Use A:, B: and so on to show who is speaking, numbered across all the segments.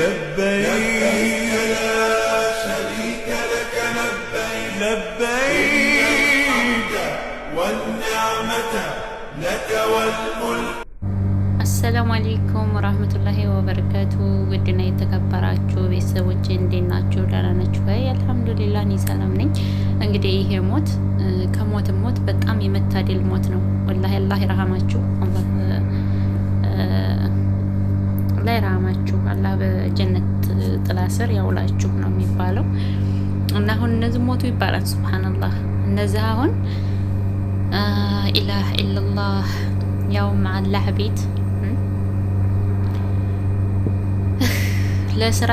A: لبيك
B: አሰላሙ አሌይኩም ወራህመቱላሂ ወበረካቱ። ውድና የተከበራችሁ ቤተሰቦች እንዴት ናችሁ? ደህና ናችሁ ወይ? አልሐምዱሊላህ እኔ ሰላም ነኝ። እንግዲህ ይሄ ሞት ከሞትም ሞት በጣም የመታደል ሞት ነው። ወላሂ አላህ ይረሃማችሁ ላይ ራማችሁ አላህ በጀነት ጥላ ስር ያውላችሁ ነው የሚባለው። እና አሁን እነዚህ ሞቱ ይባላል። ሱብሃነላህ እነዚህ አሁን ኢላህ ኢላላህ ያው አላህ ቤት ለስራ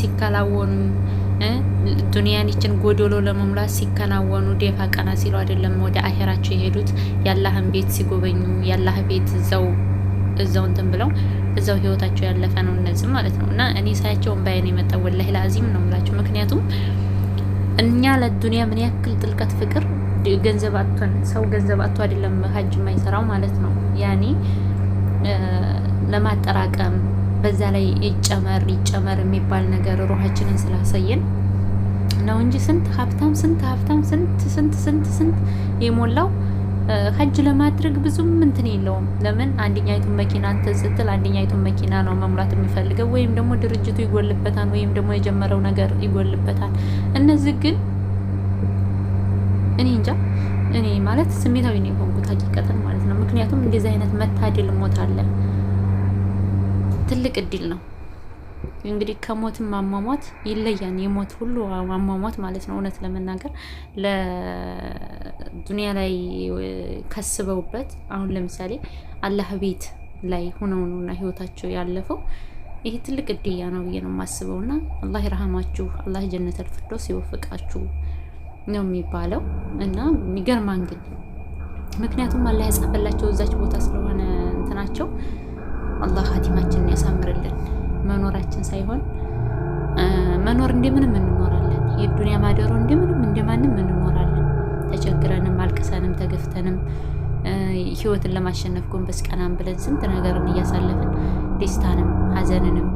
B: ሲከላወኑ ዱንያን ይችን ጎዶሎ ለመሙላት ሲከናወኑ ደፋ ቀና ሲሉ አይደለም ወደ አሄራቸው የሄዱት። ያላህን ቤት ሲጎበኙ ያላህ ቤት እዛው እዛው እንትን ብለው እዛው ህይወታቸው ያለፈ ነው እነዚህ ማለት ነው። እና እኔ ሳያቸውን ባይን የመጣ ወላሂ ላዚም ነው ምላቸው። ምክንያቱም እኛ ለዱንያ ምን ያክል ጥልቀት ፍቅር ገንዘብ አጥቶን ሰው ገንዘብ አቶ አይደለም ሀጅ የማይሰራው ማለት ነው። ያኔ ለማጠራቀም በዛ ላይ ይጨመር ይጨመር የሚባል ነገር ሩሃችንን ስላሳየን ነው እንጂ ስንት ሀብታም ስንት ሀብታም ስንት ስንት ስንት ስንት የሞላው ሀጅ ለማድረግ ብዙም እንትን የለውም። ለምን አንደኛይቱን መኪና አንተ ስትል አንደኛይቱን መኪና ነው መሙላት የሚፈልገው፣ ወይም ደግሞ ድርጅቱ ይጎልበታል፣ ወይም ደግሞ የጀመረው ነገር ይጎልበታል። እነዚህ ግን እኔ እንጃ እኔ ማለት ስሜታዊ ነው የሆንኩት ሀቂቀትን ማለት ነው። ምክንያቱም እንደዚህ አይነት መታደል ሞት አለ፣ ትልቅ እድል ነው። እንግዲህ ከሞትም አሟሟት ይለያል። የሞት ሁሉ አሟሟት ማለት ነው። እውነት ለመናገር ለዱንያ ላይ ከስበውበት አሁን ለምሳሌ አላህ ቤት ላይ ሆነው ነውና ህይወታቸው ያለፈው ይህ ትልቅ እድያ ነው ብዬ ነው የማስበው። እና አላህ ይርሃማችሁ፣ አላህ ጀነት አልፍርዶስ ይወፍቃችሁ ነው የሚባለው። እና የሚገርማን ግን ምክንያቱም አላህ ያጻፈላቸው እዛች ቦታ ስለሆነ እንትናቸው አላህ ሀቲማችንን ያሳምርልን። መኖራችን ሳይሆን መኖር እንደምንም እንኖራለን። የዱንያ ማደሮ እንደምንም እንደማንም እንኖራለን። ተቸግረንም አልቅሰንም ተገፍተንም ህይወትን ለማሸነፍ ጎንበስ ቀናም ብለን ስንት ነገርን እያሳለፍን ደስታንም ሀዘንንም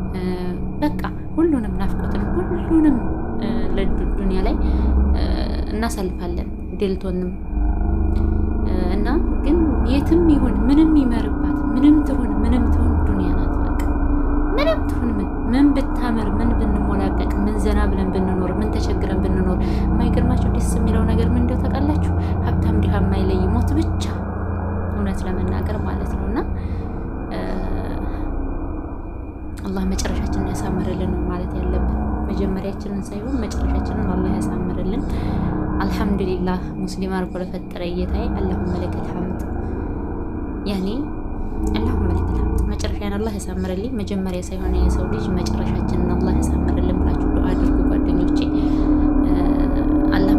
B: በቃ ሁሉንም ናፍቆትን ሁሉንም ለዱንያ ላይ እናሳልፋለን ደልቶንም እና ግን የትም ይሁን ምንም ይመርባት ምንም ትሁን ምንም ትሁን ዱንያ ናት። ምንም ትሁን ምን ምን ብታምር ምን ብንሞላቀቅ ምን ዘና ብለን ብንኖር ምን ተቸግረን ብንኖር የማይገርማችሁ ደስ የሚለው ነገር ምን እንደው ታውቃላችሁ? ሀብታም ድሃ የማይለይ ሞት ብቻ እውነት ለመናገር ማለት ነው እና አላህ መጨረሻችንን ያሳምርልን ማለት ያለብን መጀመሪያችንን ሳይሆን መጨረሻችንን አላህ ያሳምርልን። አልሐምዱሊላህ ሙስሊም አርጎ ለፈጠረ እየታይ አላሁ መለከል ሐምድ ያኔ አላሁ መለከል መጨረሻን አላህ ያሳምርልኝ። መጀመሪያ ሳይሆን የሰው ልጅ መጨረሻችንን አላህ ያሳምርልን ብላችሁ ዱዓ አድርጉ ጓደኞቼ። አላህ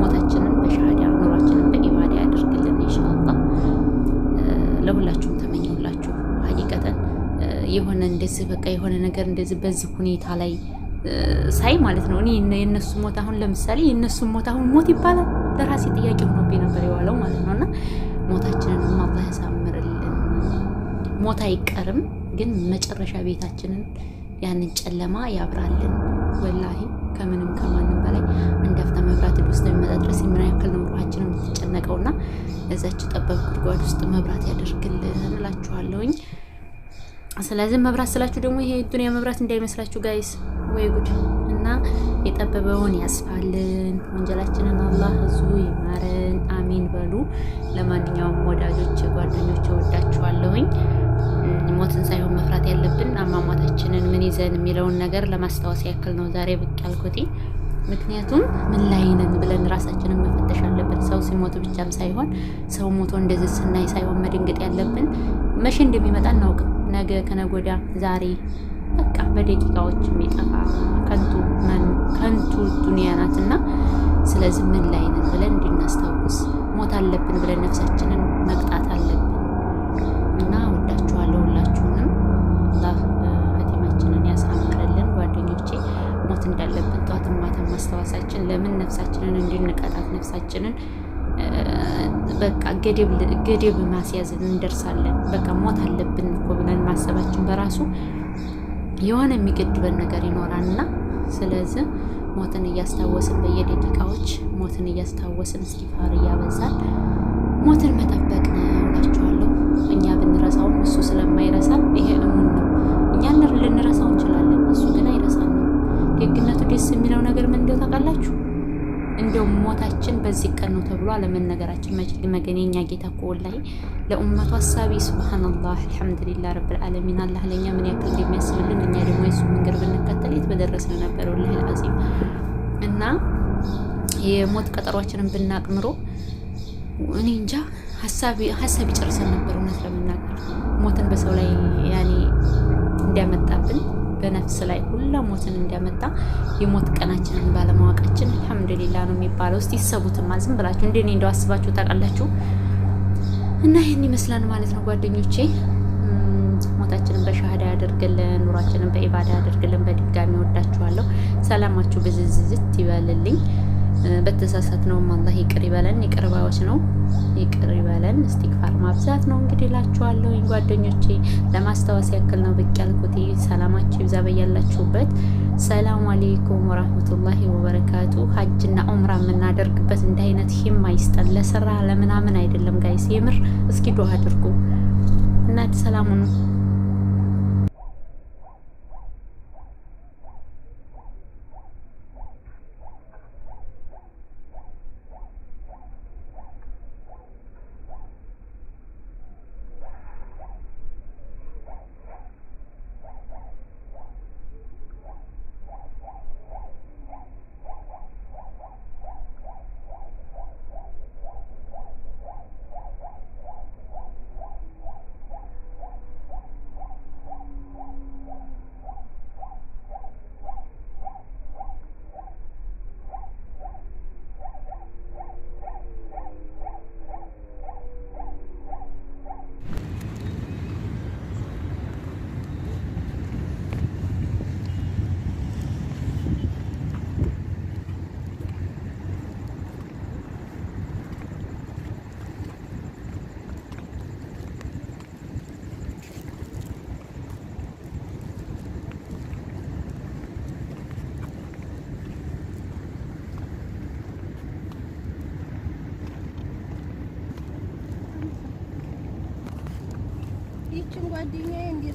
B: ሞታችንን በሻሃዳ ኑሯችንን በኢባዳ ያድርግልን ኢንሻአላህ። ለሁላችሁም ተመኘሁላችሁ። ሀቂቀተን የሆነ እንደዚህ በቃ የሆነ ነገር እንደዚህ በዚህ ሁኔታ ላይ ሳይ ማለት ነው እኔ የእነሱ ሞት አሁን ለምሳሌ የእነሱ ሞት አሁን ሞት ይባላል። ለራሴ ጥያቄ ሆኖብኝ ነበር የዋለው ማለት እና ሞታችንን አላህ ያሳምር ሞት አይቀርም፣ ግን መጨረሻ ቤታችንን ያንን ጨለማ ያብራልን። ወላሂ ከምንም ከማንም በላይ አንድ ሀፍታ መብራት ውስጥ የሚመጣ ድረስ የምን ያክል ነው ኑሯችን የምትጨነቀው እና እዛች ጠበብ ጉድጓድ ውስጥ መብራት ያደርግልን እላችኋለሁኝ። ስለዚህ መብራት ስላችሁ ደግሞ ይሄ ዱኒያ መብራት እንዳይመስላችሁ ጋይስ፣ ወይ ጉድ እና የጠበበውን ያስፋልን፣ ወንጀላችንን አላህ ህዝቡ ይማረን፣ አሚን በሉ። ለማንኛውም ወዳጆች፣ ጓደኞች እወዳችኋለሁኝ። ሞትን ሳይሆን መፍራት ያለብን አሟሟታችንን ምን ይዘን የሚለውን ነገር ለማስታወስ ያክል ነው ዛሬ ብቅ ያልኩት። ምክንያቱም ምን ላይ ነን ብለን ራሳችንን መፈተሽ አለብን። ሰው ሲሞት ብቻም ሳይሆን ሰው ሞቶ እንደዚህ ስናይ ሳይሆን መድንግጥ ያለብን መቼ እንደሚመጣ እናውቅም። ነገ ከነጎዳ ዛሬ በቃ በደቂቃዎች የሚጠፋ ከንቱ ከንቱ ዱኒያ ናትና፣ ስለዚህ ምን ላይ ነን ብለን እንድናስታውስ ሞት አለብን ብለን ነፍሳችንን ጠዋትም ማታም ማስታወሳችን ለምን ነፍሳችንን እንድንቀጣት ነፍሳችንን በቃ ገደብ ማስያዝ እንደርሳለን። በቃ ሞት አለብን እኮ ብለን ማሰባችን በራሱ የሆነ የሚገድበን ነገር ይኖራል እና ስለዚህ ሞትን እያስታወስን በየደቂቃዎች ሞትን እያስታወስን እስኪፋር እያበዛል ሞትን መጠበቅ ነው እኛ ብንረሳውም እሱ ስለማይረሳ ይሄ እሙን ነው። እኛ ልንረሳው እንችላለን፣ እሱ ግን አይረሳ ደግነቱ ደስ የሚለው ነገር ምን እንደው ታውቃላችሁ? እንደው ሞታችን በዚህ ቀን ነው ተብሎ አለመነገራችን መገን የኛ ጌታ እኮ ወላሂ ለኡመቱ ሀሳቢ ስብሓንላህ ረብል ዓለሚን አላህ ለእኛ ምን ያክል እንደሚያስብልን እኛ ደግሞ የሱ መንገድ ብንከተል የት ነው ነበር ወላሂ አልዓዚም እና የሞት ቀጠሯችንን ብናቅምሮ እኔ እንጃ ሀሳብ ይጨርሰን ነበር እውነት ለመናገር ሞትን በሰው ላይ ያኔ እንዲያመጣብን በነፍስ ላይ ሁላ ሞትን እንዲያመጣ የሞት ቀናችንን ባለማወቃችን አልሐምዱሊላ ነው የሚባለው። እስቲ ይሰቡትማ ዝም ብላችሁ እንደኔ እንደው አስባችሁ ታውቃላችሁ። እና ይህን ይመስላል ማለት ነው ጓደኞቼ። ሞታችንን በሻህዳ ያደርግልን፣ ኑሯችንን በኢባዳ ያደርግልን። በድጋሚ ወዳችኋለሁ። ሰላማችሁ ብዝዝዝት ይበልልኝ። በተሳሳት በተሳሳትነውም አላህ ይቅር ይበለን። ይቅር ባዮች ነው፣ ይቅር ይበለን። እስቲግፋር ማብዛት ነው እንግዲህ እላችኋለሁ ጓደኞቼ። ለማስታወስ ያክል ነው ብቅ ያልኩት። ሰላማችሁ ይብዛ በያላችሁበት። ሰላሙ አሌይኩም ወራህመቱላሂ ወበረካቱ። ሀጅና ዑምራ የምናደርግበት እንደ አይነት ሂማ ይስጠን። ለስራ ለምናምን አይደለም ጋይስ፣ የምር እስኪ ዱዓ አድርጉ እና ሰላሙን Daddy nga, hindi